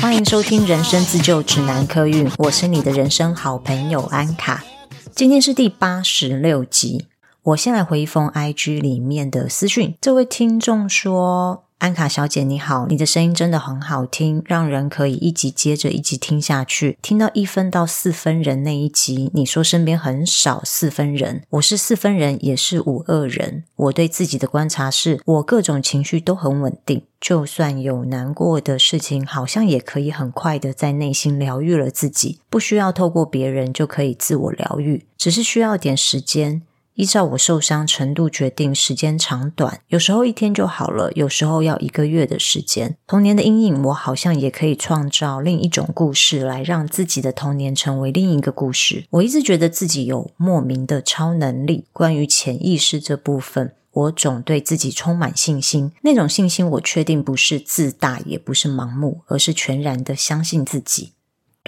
歡迎收聽《人生自救指南》科韻，我是你的人生好朋友安卡。今天是第八十六集，我先來回一封 IG 裡面的私訊。這位聽眾說。安卡小姐，你好，你的聲音真的很好聽，讓人可以一集接着一集聽下去。聽到一分到四分人那一集，你說身邊很少四分人，我是四分人，也是五二人。我對自己的觀察是，我各種情緒都很穩定，就算有難過的事情，好像也可以很快的在內心療癒了自己，不需要透過別人就可以自我療癒，只是需要點時間。依照我受傷程度決定時間長短，有時候一天就好了，有時候要一個月的時間。童年的陰影，我好像也可以創造另一種故事，來讓自己的童年成為另一個故事。我一直覺得自己有莫名的超能力。關於潛意識這部分，我總對自己充滿信心。那種信心，我確定不是自大，也不是盲目，而是全然的相信自己。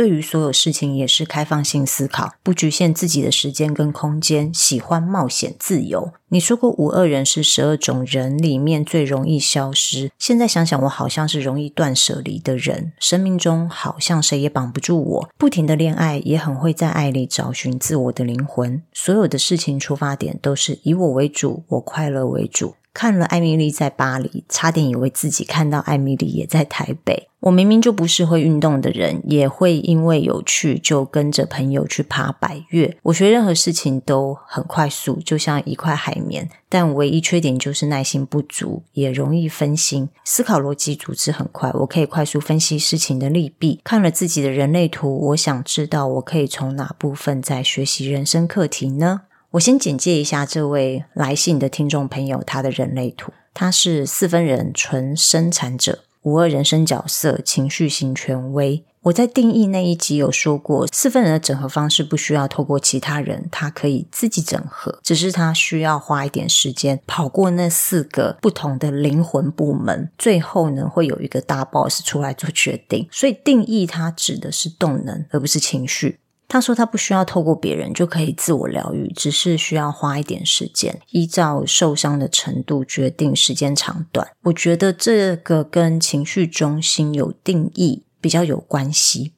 對於所有事情也是開放性思考，不局限自己的時間跟空間，喜歡冒險自由。你說過五二人是十二種人裡面最容易消失，現在想想我好像是容易斷捨離的人，生命中好像誰也綁不住我，不停的戀愛也很會在愛裡找尋自我的靈魂，所有的事情出發點都是以我為主，我快樂為主。看了《艾米麗在巴黎》，差點以為自己看到《艾米麗》也在台北。我明明就不是會運動的人，也會因為有趣就跟着朋友去爬百岳。我學任何事情都很快速，就像一塊海綿。但唯一缺點就是耐心不足，也容易分心。思考邏輯組織很快，我可以快速分析事情的利弊。看了自己的人類圖，我想知道我可以從哪部分再學習人生課題呢？我先簡介一下這位來信的聽眾朋友，他的人類圖，他是四分人純生產者，五二人生角色情緒型權威。我在定義那一集有說過，四分人的整合方式不需要透過其他人，他可以自己整合，只是他需要花一點時間跑過那四個不同的靈魂部門，最後呢會有一個大 boss 出來做決定。所以定義它指的是動能，而不是情緒。他說：“他不需要透過別人就可以自我療癒，只是需要花一點時間，依照受傷的程度決定時間長短。”我覺得這個跟情緒中心有定義比較有關係。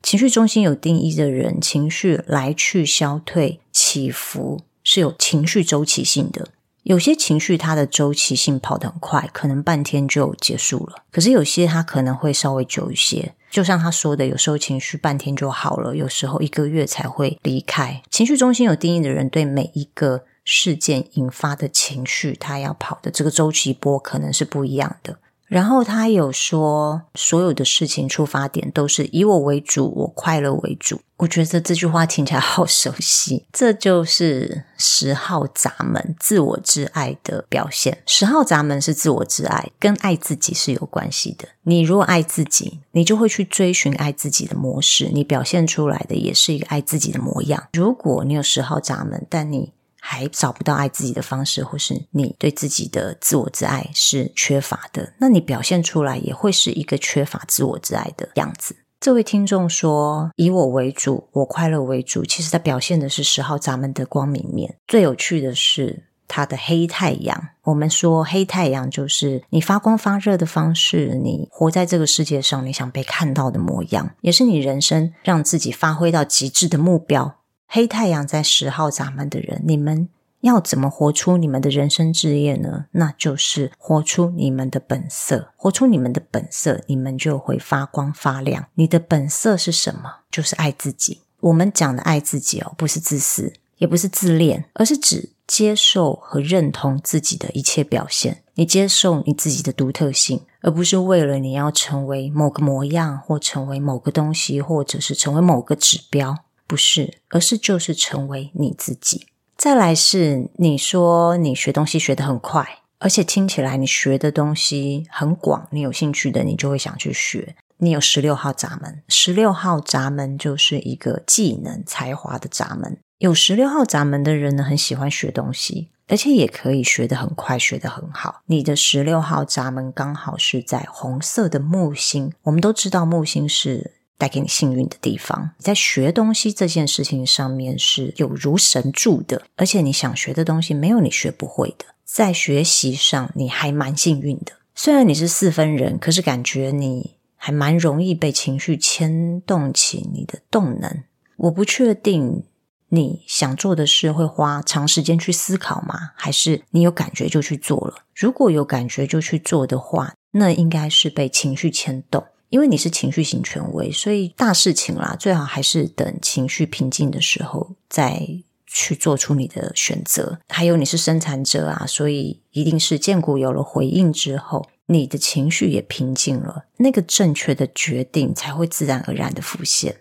情緒中心有定義的人，情緒來去消退起伏是有情緒週期性的。有些情緒它的週期性跑得很快，可能半天就結束了；可是有些它可能會稍微久一些。就像他說的，有時候情緒半天就好了，有時候一個月才會離開。情緒中心有定義的人，對每一個事件引發的情緒，他要跑的這個周期波可能是不一樣的。然後他有說，所有的事情出發點都是以我為主，我快樂為主。我覺得這句話聽起來好熟悉，這就是十號閘門自我之愛的表現。十號閘門是自我之愛，跟愛自己是有關係的。你如果愛自己，你就會去追尋愛自己的模式，你表現出來的也是一個愛自己的模樣。如果你有十號閘門，但你，還找不到愛自己的方式，或是你對自己的自我之愛是缺乏的，那你表現出來也會是一個缺乏自我之愛的樣子。這位聽眾說：“以我為主，我快樂為主。”其實它表現的是十號閘門的光明面。最有趣的是它的黑太陽。我們說黑太陽就是你發光發熱的方式，你活在這個世界上，你想被看到的模樣，也是你人生讓自己發揮到極致的目標。黑太陽在十號閘門的人，你們要怎麼活出你們的人生志業呢？那就是活出你們的本色，活出你們的本色，你們就會發光發亮。你的本色是什麼？就是愛自己。我們講的愛自己哦，不是自私，也不是自戀，而是指接受和認同自己的一切表現。你接受你自己的獨特性，而不是為了你要成為某個模樣，或成為某個東西，或者是成為某個指標。不是，而是就是成為你自己。再來是你說你學東西學得很快，而且聽起來你學的東西很廣，你有興趣的你就會想去學。你有十六號閘門，十六號閘門就是一個技能才華的閘門。有十六號閘門的人呢，很喜歡學東西，而且也可以學得很快，學得很好。你的十六號閘門剛好是在紅色的木星，我們都知道木星是。帶給你幸運的地方，在學東西這件事情上面是有如神助的，而且你想學的東西沒有你學不會的。在學習上，你還蠻幸運的。雖然你是四分人，可是感覺你還蠻容易被情緒牽動起你的動能。我不確定你想做的事會花長時間去思考嗎？還是你有感覺就去做了？如果有感覺就去做的話，那應該是被情緒牽動。因為你是情緒型權威，所以大事情啦，最好還是等情緒平靜的時候再去做出你的選擇。還有，你是生產者啊，所以一定是薦骨有了回應之後，你的情緒也平靜了，那個正確的決定才會自然而然的浮現。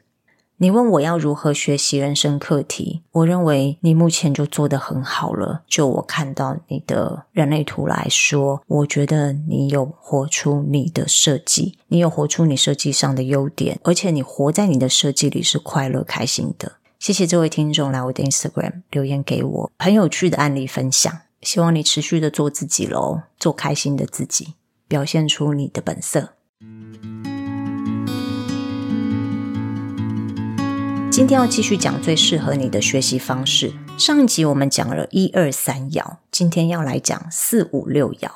你問我要如何學習人生課題，我認為你目前就做得很好了。就我看到你的人類圖來說，我覺得你有活出你的設計，你有活出你設計上的優點，而且你活在你的設計裡是快樂開心的。謝謝這位聽眾來我的 Instagram 留言給我很有趣的案例分享，希望你持續的做自己嘍，做開心的自己，表現出你的本色。今天要繼續講最適合你的學習方式。上一集我們講了一二三爻，今天要來講四五六爻。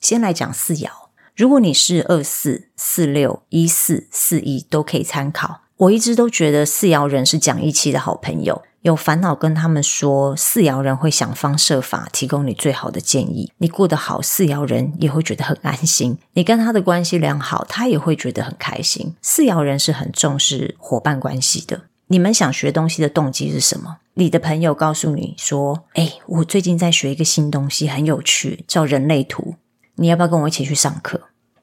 先來講四爻，如果你是二四四六一四四一，都可以參考。我一直都覺得四爻人是講義氣的好朋友，有煩惱跟他們說，四爻人會想方設法提供你最好的建議。你過得好，四爻人也會覺得很安心。你跟他的關係良好，他也會覺得很開心。四爻人是很重視夥伴關係的。你們想學東西的動機是什麼？你的朋友告訴你說：“哎，我最近在學一個新東西，很有趣，叫人類圖。你要不要跟我一起去上課？”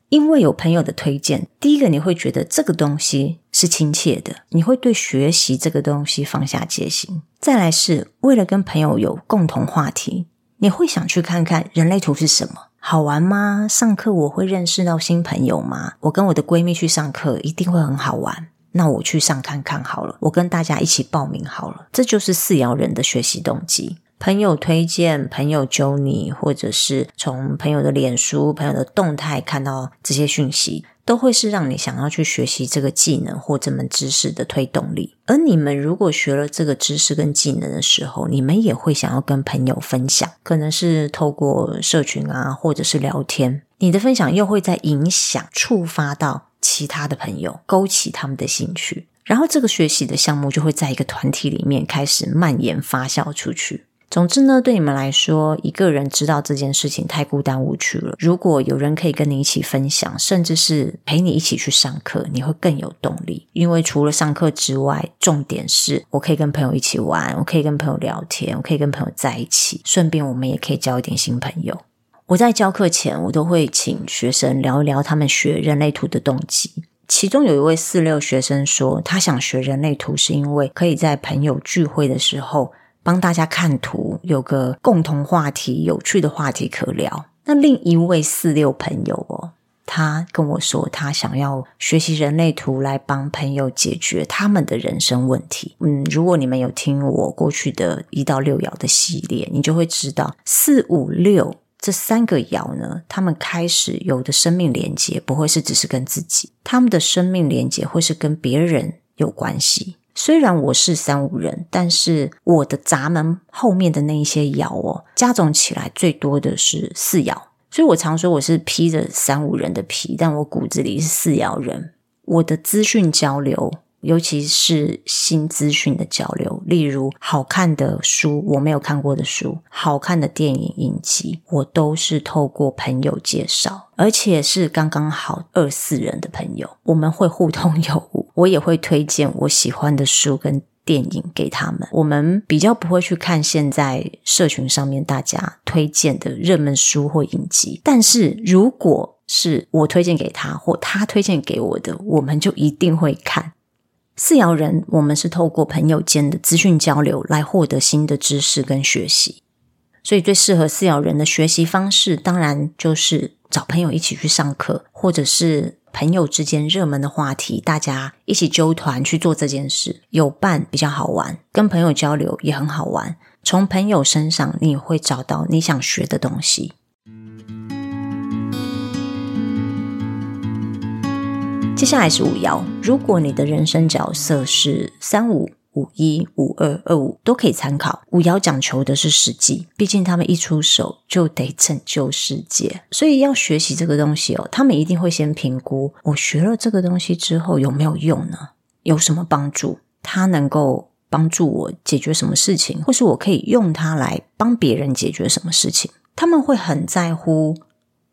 因為有朋友的推薦，第一個你會覺得這個東西是親切的，你會對學習這個東西放下戒心。再來是為了跟朋友有共同話題，你會想去看看人類圖是什麼，好玩嗎？上課我會認識到新朋友嗎？我跟我的閨蜜去上課一定會很好玩。那我去上看看好了，我跟大家一起報名好了。這就是四爻人的學習動機。朋友推薦、朋友揪你，或者是從朋友的臉書、朋友的動態看到這些訊息，都會是讓你想要去學習這個技能或這門知識的推動力。而你們如果學了這個知識跟技能的時候，你們也會想要跟朋友分享，可能是透過社群啊，或者是聊天。你的分享又會在影響觸發到。其他的朋友勾起他們的興趣，然後這個學習的項目就會在一個團體裡面開始蔓延發酵出去。總之呢，對你們來說，一個人知道這件事情太孤單無趣了。如果有人可以跟你一起分享，甚至是陪你一起去上課，你會更有動力。因為除了上課之外，重點是我可以跟朋友一起玩，我可以跟朋友聊天，我可以跟朋友在一起，順便我們也可以交一點新朋友。我在教課前，我都會請學生聊一聊他們學人類圖的動機。其中有一位四六學生說，他想學人類圖是因為可以在朋友聚會的時候幫大家看圖，有個共同話題、有趣的話題可聊。那另一位四六朋友哦，他跟我說，他想要學習人類圖來幫朋友解決他們的人生問題。嗯，如果你們有聽我過去的一到六爻的系列，你就會知道四五六。這三個爻呢，他們開始有的生命連接，不會是只是跟自己，他們的生命連接會是跟別人有關係。雖然我是三五人，但是我的閘門後面的那一些爻哦，加總起來最多的是四爻。所以我常說我是披着三五人的皮，但我骨子裡是四爻人。我的資訊交流，尤其是新資訊的交流，例如好看的書，我沒有看過的書，好看的電影影集，我都是透過朋友介紹，而且是剛剛好二四人的朋友，我們會互通有無。我也會推薦我喜歡的書跟電影給他們。我們比較不會去看現在社群上面大家推薦的熱門書或影集，但是如果是我推薦給他或他推薦給我的，我們就一定會看。四爻人，我們是透過朋友間的資訊交流來獲得新的知識跟學習，所以最適合四爻人的學習方式，當然就是找朋友一起去上課，或者是朋友之間熱門的話題，大家一起揪團，去做這件事，有伴比較好玩，跟朋友交流也很好玩，從朋友身上你會找到你想學的東西。接下來是五爻，如果你的人生角色是三五五一五二二五，都可以參考。五爻講求的是實際，畢竟他們一出手就得拯救世界，所以要學習這個東西哦。他們一定會先評估，我學了這個東西之後有沒有用呢？有什麼幫助？他能夠幫助我解決什麼事情，或是我可以用它來幫別人解決什麼事情？他們會很在乎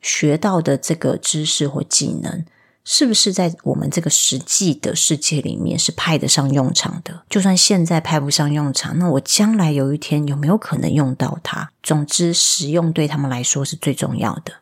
學到的這個知識或技能是不是在我們這個實際的世界裡面是派得上用場的？就算現在派不上用場，那我將來有一天有沒有可能用到它？總之，實用對他們來說是最重要的。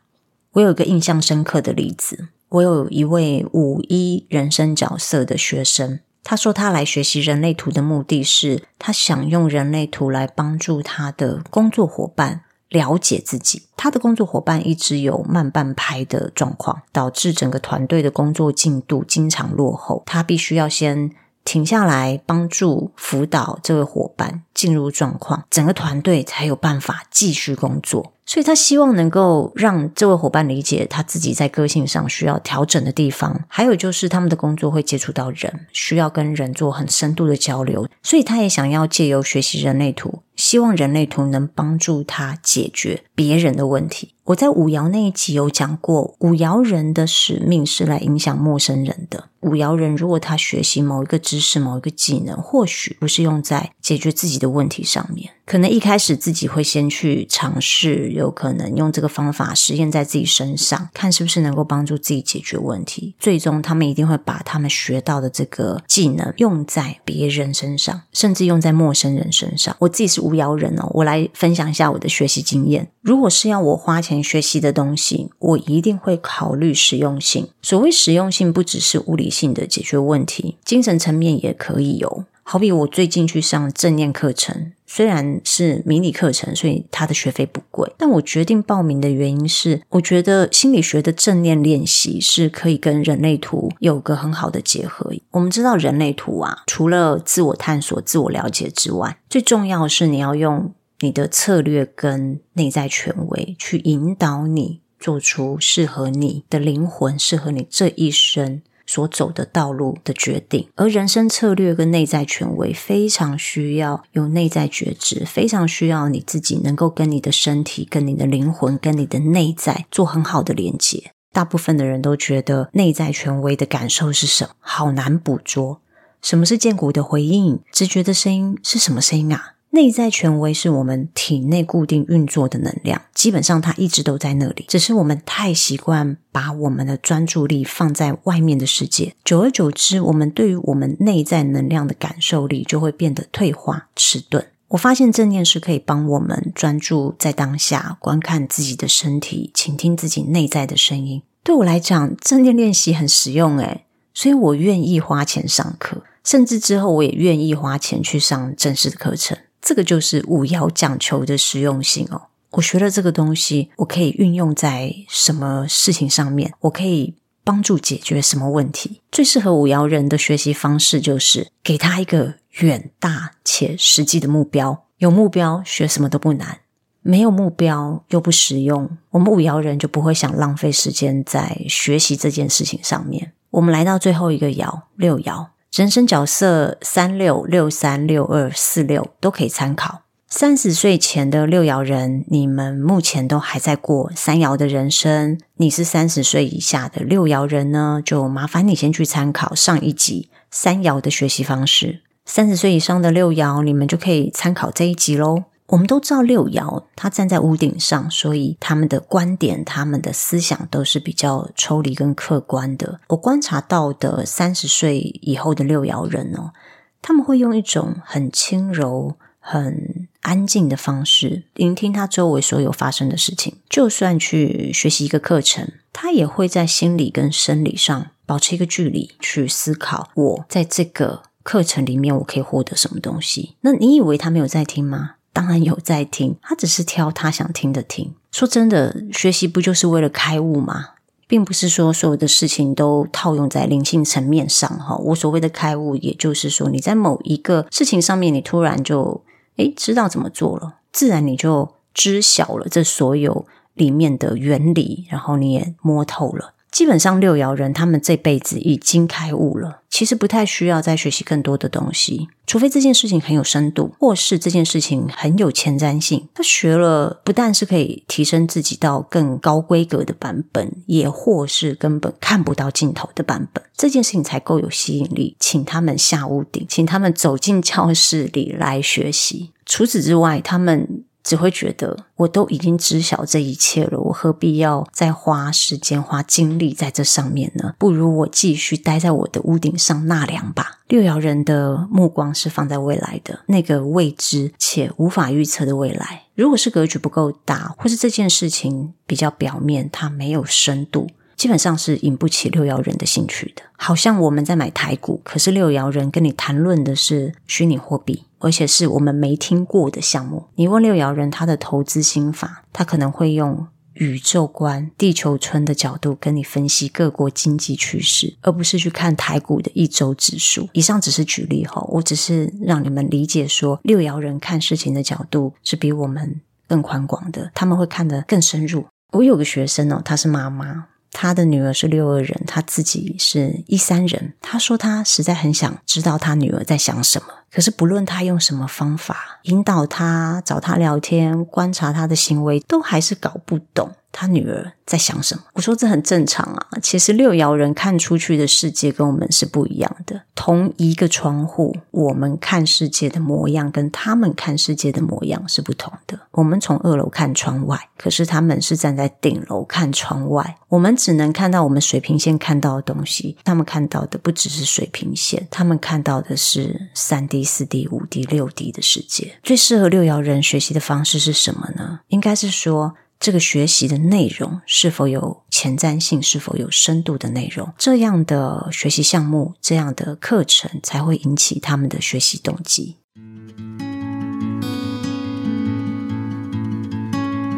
我有一個印象深刻的例子，我有一位五一人生角色的學生，他說他來學習人類圖的目的是，他想用人類圖來幫助他的工作夥伴，了解自己，他的工作夥伴一直有慢半拍的狀況，導致整個團隊的工作進度經常落後。他必須要先停下來幫助輔導這位夥伴進入狀況，整個團隊才有辦法繼續工作。所以他希望能夠讓這位伙伴理解他自己在個性上需要調整的地方，還有就是他們的工作會接觸到人，需要跟人做很深度的交流。所以他也想要借由學習人類圖，希望人類圖能幫助他解決別人的問題。我在五爻那一集有講過，五爻人的使命是來影響陌生人的。五爻人如果他學習某一個知識、某一個技能，或許不是用在解決自己的問題上面，可能一開始自己會先去嘗試。有可能用這個方法實驗在自己身上，看是不是能夠幫助自己解決問題。最終，他們一定會把他們學到的這個技能用在別人身上，甚至用在陌生人身上。我自己是五爻人哦，我來分享一下我的學習經驗。如果是要我花錢學習的東西，我一定會考慮實用性。所謂實用性，不只是物理性的解決問題，精神層面也可以有。好比我最近去上正念課程。雖然是迷你課程，所以他的學費不貴。但我決定報名的原因是，我覺得心理學的正念練習是可以跟人類圖有個很好的結合。我們知道人類圖啊，除了自我探索、自我了解之外，最重要的是你要用你的策略跟內在權威去引導你做出適合你的靈魂，適合你這一生。所走的道路的決定，而人生策略跟內在權威非常需要有內在覺知，非常需要你自己能夠跟你的身體、跟你的靈魂、跟你的內在做很好的連接。大部分的人都覺得內在權威的感受是什麼？好難捕捉。什麼是薦骨的回應？直覺的聲音是什麼聲音啊？內在權威是我們體內固定運作的能量，基本上它一直都在那裡。只是我們太習慣把我們的專注力放在外面的世界，久而久之，我們對於我們內在能量的感受力就會變得退化、遲鈍。我發現正念是可以幫我們專注在當下，觀看自己的身體，傾聽自己內在的聲音。對我來講，正念練習很實用誒，所以我願意花錢上課，甚至之後我也願意花錢去上正式的課程。這個就是五爻講求的實用性哦。我學了這個東西，我可以運用在什麼事情上面？我可以幫助解決什麼問題？最適合五爻人的學習方式就是給他一個遠大且實際的目標。有目標，學什麼都不難；沒有目標，又不實用。我們五爻人就不會想浪費時間在學習這件事情上面。我們來到最後一個爻，六爻。人生角色，三六、六三、六二、四六都可以參考。三十歲前的六爻人，你們目前都還在過三爻的人生。你是三十歲以下的六爻人呢，就麻煩你先去參考上一集三爻的學習方式。三十歲以上的六爻，你們就可以參考這一集嘍。我們都知道六爻，他站在屋頂上，所以他們的觀點、他們的思想都是比較抽離跟客觀的。我觀察到的三十歲以後的六爻人哦，他們會用一種很輕柔、很安靜的方式聆聽他周圍所有發生的事情。就算去學習一個課程，他也會在心理跟生理上保持一個距離，去思考：我在這個課程裡面我可以獲得什麼東西？那你以為他沒有在聽嗎？當然有在聽，他只是挑他想聽的聽。說真的，學習不就是為了開悟嗎？並不是說所有的事情都套用在靈性層面上哈。我所謂的開悟，也就是說你在某一個事情上面，你突然就，哎，知道怎麼做了，自然你就知曉了這所有裡面的原理，然後你也摸透了。基本上六爻人，他們這輩子已經開悟了，其實不太需要再學習更多的東西。除非這件事情很有深度，或是這件事情很有前瞻性，他學了不但是可以提升自己到更高規格的版本，也或是根本看不到盡頭的版本，這件事情才夠有吸引力，請他們下屋頂，請他們走進教室裡來學習。除此之外，他們，只會覺得我都已經知曉這一切了，我何必要再花時間、花精力在這上面呢？不如我繼續待在我的屋頂上納涼吧。六爻人的目光是放在未來的，那個未知且無法預測的未來。如果是格局不夠大，或是這件事情比較表面，它沒有深度。基本上是引不起六爻人的興趣的。好像我們在買台股，可是六爻人跟你談論的是虛擬貨幣，而且是我們沒聽過的項目。你問六爻人他的投資心法，他可能會用宇宙觀、地球村的角度跟你分析各國經濟趨勢，而不是去看台股的一周指數。以上只是舉例哈、哦，我只是讓你們理解說，六爻人看事情的角度是比我們更寬廣的，他們會看得更深入。我有個學生哦，他是媽媽。他的女兒是六二人，他自己是一三人。他說他實在很想知道他女兒在想什麼，可是不論他用什麼方法引導他、找他聊天、觀察他的行為，都還是搞不懂。他女兒在想什麼？我說這很正常啊。其實六爻人看出去的世界跟我們是不一樣的。同一個窗戶，我們看世界的模樣跟他們看世界的模樣是不同的。我們從二樓看窗外，可是他們是站在頂樓看窗外。我們只能看到我們水平線看到的東西，他們看到的不只是水平線，他們看到的是三 D、四 D、五 D、六 D 的世界。最適合六爻人學習的方式是什麼呢？應該是說。這個學習的內容是否有前瞻性？是否有深度的內容？這樣的學習項目，這樣的課程才會引起他們的學習動機。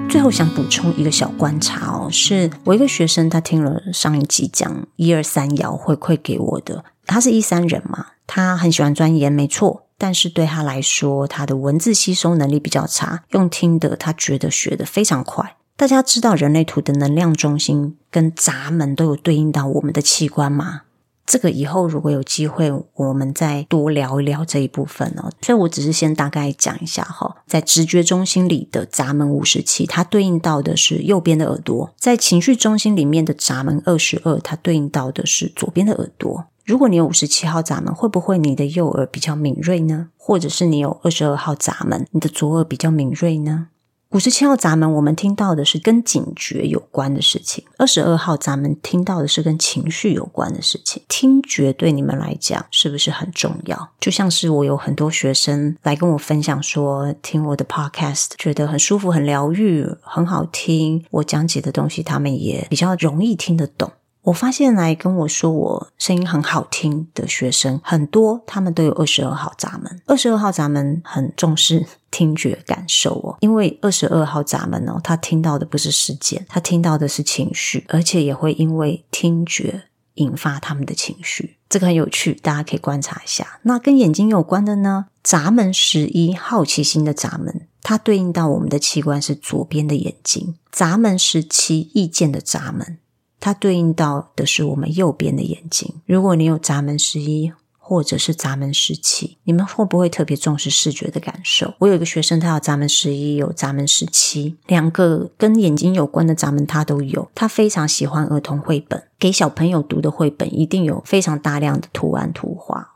最後想補充一個小觀察哦，是我一個學生，他聽了上一集講一二三爻回饋給我的，他是一三人嘛，他很喜歡鑽研，沒錯。但是對他來說，他的文字吸收能力比較差，用聽的他覺得學得非常快。大家知道人類圖的能量中心跟閘門都有對應到我們的器官嗎？這個以後如果有機會，我們再多聊一聊這一部分哦。所以我只是先大概講一下哈、哦，在直覺中心裡的閘門五十七，它對應到的是右邊的耳朵；在情緒中心裡面的閘門二十二，它對應到的是左邊的耳朵。如果你有五十七號閘門，會不會你的右耳比較敏銳呢？或者是你有二十二號閘門，你的左耳比較敏銳呢？五十七號閘門，我們聽到的是跟警覺有關的事情；二十二號閘門聽到的是跟情緒有關的事情。聽覺對你們來講是不是很重要？就像是我有很多學生來跟我分享說，聽我的 podcast，覺得很舒服、很療癒、很好聽，我講解的東西他們也比較容易聽得懂。我發現來跟我說我聲音很好聽的學生很多，他們都有二十二號閘門。二十二號閘門很重視聽覺感受哦，因為二十二號閘門哦，他聽到的不是事件，他聽到的是情緒，而且也會因為聽覺引發他們的情緒。這個很有趣，大家可以觀察一下。那跟眼睛有關的呢？閘門十一，好奇心的閘門，它對應到我們的器官是左邊的眼睛。閘門十七，意見的閘門。它對應到的是我們右邊的眼睛。如果你有閘門十一或者是閘門十七，你們會不會特別重視視覺的感受？我有一個學生，他有閘門十一，有閘門十七，兩個跟眼睛有關的閘門，他都有。他非常喜歡兒童繪本，給小朋友讀的繪本一定有非常大量的圖案圖畫。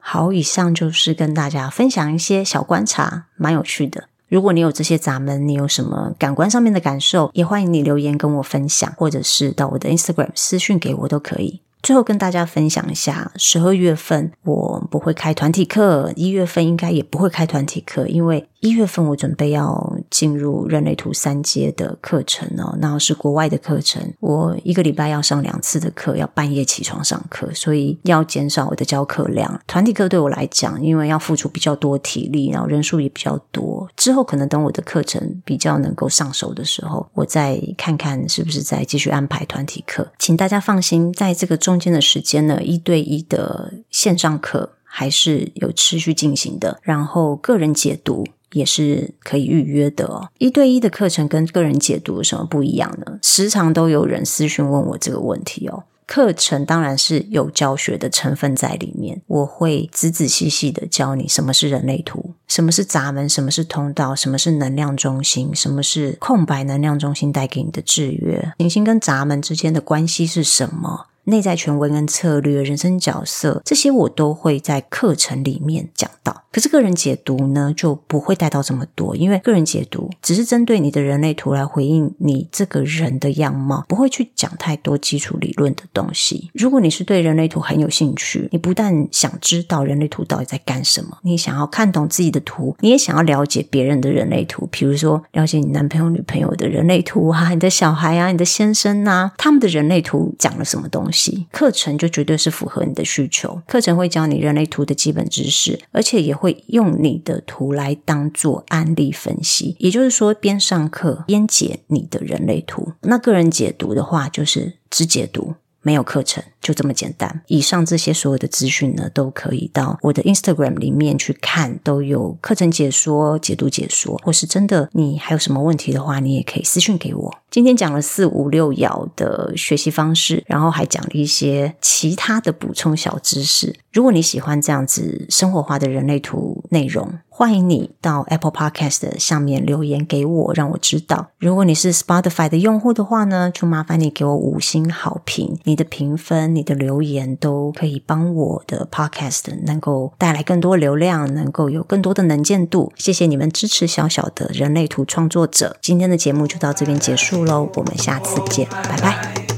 好，以上就是跟大家分享一些小觀察，蠻有趣的。如果你有這些閘門，你有什麼感官上面的感受，也歡迎你留言跟我分享，或者是到我的 Instagram 私訊給我都可以。最後跟大家分享一下，十二月份我不會開團體課，一月份應該也不會開團體課，因為，一月份我準備要進入人類圖三階的課程哦，那是國外的課程。我一個禮拜要上兩次的課，要半夜起床上課，所以要減少我的教課量。團體課對我來講，因為要付出比較多體力，然後人數也比較多。之後可能等我的課程比較能夠上手的時候，我再看看是不是再繼續安排團體課。請大家放心，在這個中間的時間呢，一對一的線上課還是有持續進行的，然後個人解讀，也是可以預約的哦。一對一的課程跟個人解讀有什麼不一樣呢？時常都有人私訊問我這個問題哦。課程當然是有教學的成分在裡面，我會仔仔細細地教你什麼是人類圖，什麼是閘門，什麼是通道，什麼是能量中心，什麼是空白能量中心帶給你的制約，行星跟閘門之間的關係是什麼，內在權威跟策略、人生角色這些，我都會在課程裡面講到。可是個人解讀呢，就不會帶到這麼多，因為個人解讀只是針對你的人類圖來回應你這個人的樣貌，不會去講太多基礎理論的東西。如果你是對人類圖很有興趣，你不但想知道人類圖到底在幹什麼，你想要看懂自己的圖，你也想要了解別人的人類圖，比如說了解你男朋友、女朋友的人類圖啊，你的小孩啊，你的先生吶、啊，他們的人類圖講了什麼東西？課程就絕對是符合你的需求。課程會教你人類圖的基本知識，而且也會會用你的圖來當做案例分析，也就是說邊上課邊解你的人類圖。那個人解讀的話，就是只解讀。沒有課程，就這麼簡單。以上這些所有的資訊呢，都可以到我的 Instagram 裡面去看，都有課程解說、解讀解說，或是真的你還有什麼問題的話，你也可以私訊給我。今天講了四五六爻的學習方式，然後還講了一些其他的補充小知識。如果你喜歡這樣子生活化的人類圖內容，歡迎你到 Apple Podcast 上面留言給我，讓我知道。如果你是 Spotify 的用戶的話呢，就麻煩你給我五星好評。你的評分、你的留言都可以幫我的 Podcast 能夠帶來更多流量，能夠有更多的能見度。謝謝你們支持小小的人類圖創作者。今天的節目就到這邊結束嘍，bye bye. 我們下次見，拜拜。